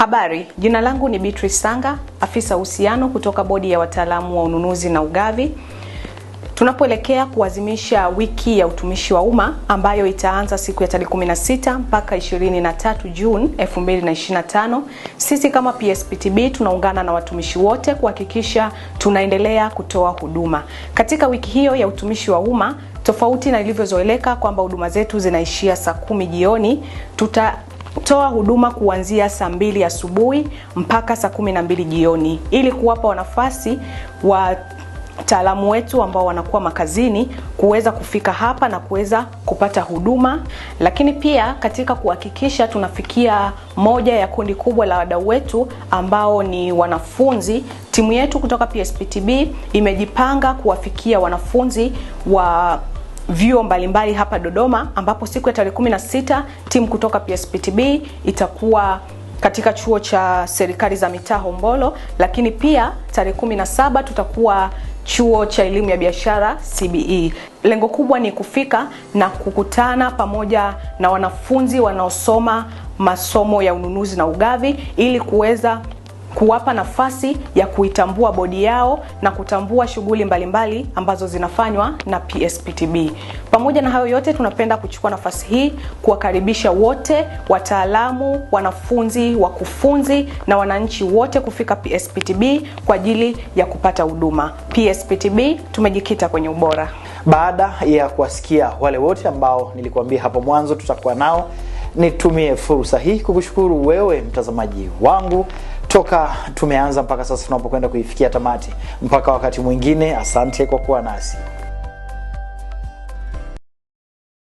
Habari, jina langu ni Beatrice Sanga, afisa uhusiano kutoka bodi ya wataalamu wa ununuzi na ugavi. Tunapoelekea kuazimisha wiki ya utumishi wa umma ambayo itaanza siku ya tarehe 16 mpaka 23 Juni 2025, sisi kama PSPTB tunaungana na watumishi wote kuhakikisha tunaendelea kutoa huduma katika wiki hiyo ya utumishi wa umma. Tofauti na ilivyozoeleka kwamba huduma zetu zinaishia saa kumi jioni, tuta toa huduma kuanzia saa mbili asubuhi mpaka saa kumi na mbili jioni ili kuwapa wanafasi wa wataalamu wetu ambao wanakuwa makazini kuweza kufika hapa na kuweza kupata huduma, lakini pia katika kuhakikisha tunafikia moja ya kundi kubwa la wadau wetu ambao ni wanafunzi. Timu yetu kutoka PSPTB imejipanga kuwafikia wanafunzi wa vyuo mbalimbali hapa Dodoma, ambapo siku ya tarehe 16 timu kutoka PSPTB itakuwa katika chuo cha serikali za mitaa Hombolo, lakini pia tarehe 17 tutakuwa chuo cha elimu ya biashara CBE. Lengo kubwa ni kufika na kukutana pamoja na wanafunzi wanaosoma masomo ya ununuzi na ugavi ili kuweza kuwapa nafasi ya kuitambua bodi yao na kutambua shughuli mbalimbali ambazo zinafanywa na PSPTB. Pamoja na hayo yote, tunapenda kuchukua nafasi hii kuwakaribisha wote wataalamu, wanafunzi, wakufunzi na wananchi wote kufika PSPTB kwa ajili ya kupata huduma. PSPTB tumejikita kwenye ubora. Baada ya kuwasikia wale wote ambao nilikuambia hapo mwanzo tutakuwa nao, nitumie fursa hii kukushukuru wewe mtazamaji wangu toka tumeanza mpaka sasa tunapokwenda kuifikia tamati. Mpaka wakati mwingine, asante kwa kuwa nasi.